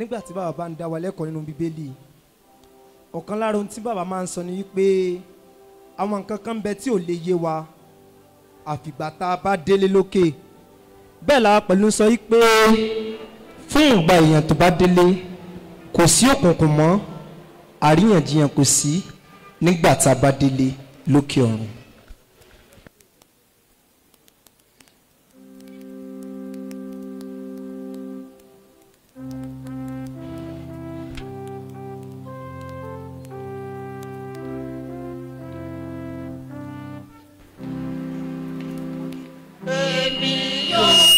nígbà tí bàbá bá ń dá wa lẹ́kọ̀ọ́ nínú bíbélì ọ̀kan lára ohun tí bàbá máa ń sọ ni wípé àwọn nǹkan kan bẹ tí ò lè yé wa àfìgbà tá a bá délé lókè bẹ́ẹ̀ la pẹ̀lú sọ wípé fún ìgbà èèyàn tó bá délé kò sí òkùnkùn mọ́ àríyànjiyàn kò sí nígbà tá a bá délé lókè ọ̀run. Oh.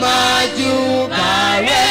máa júbà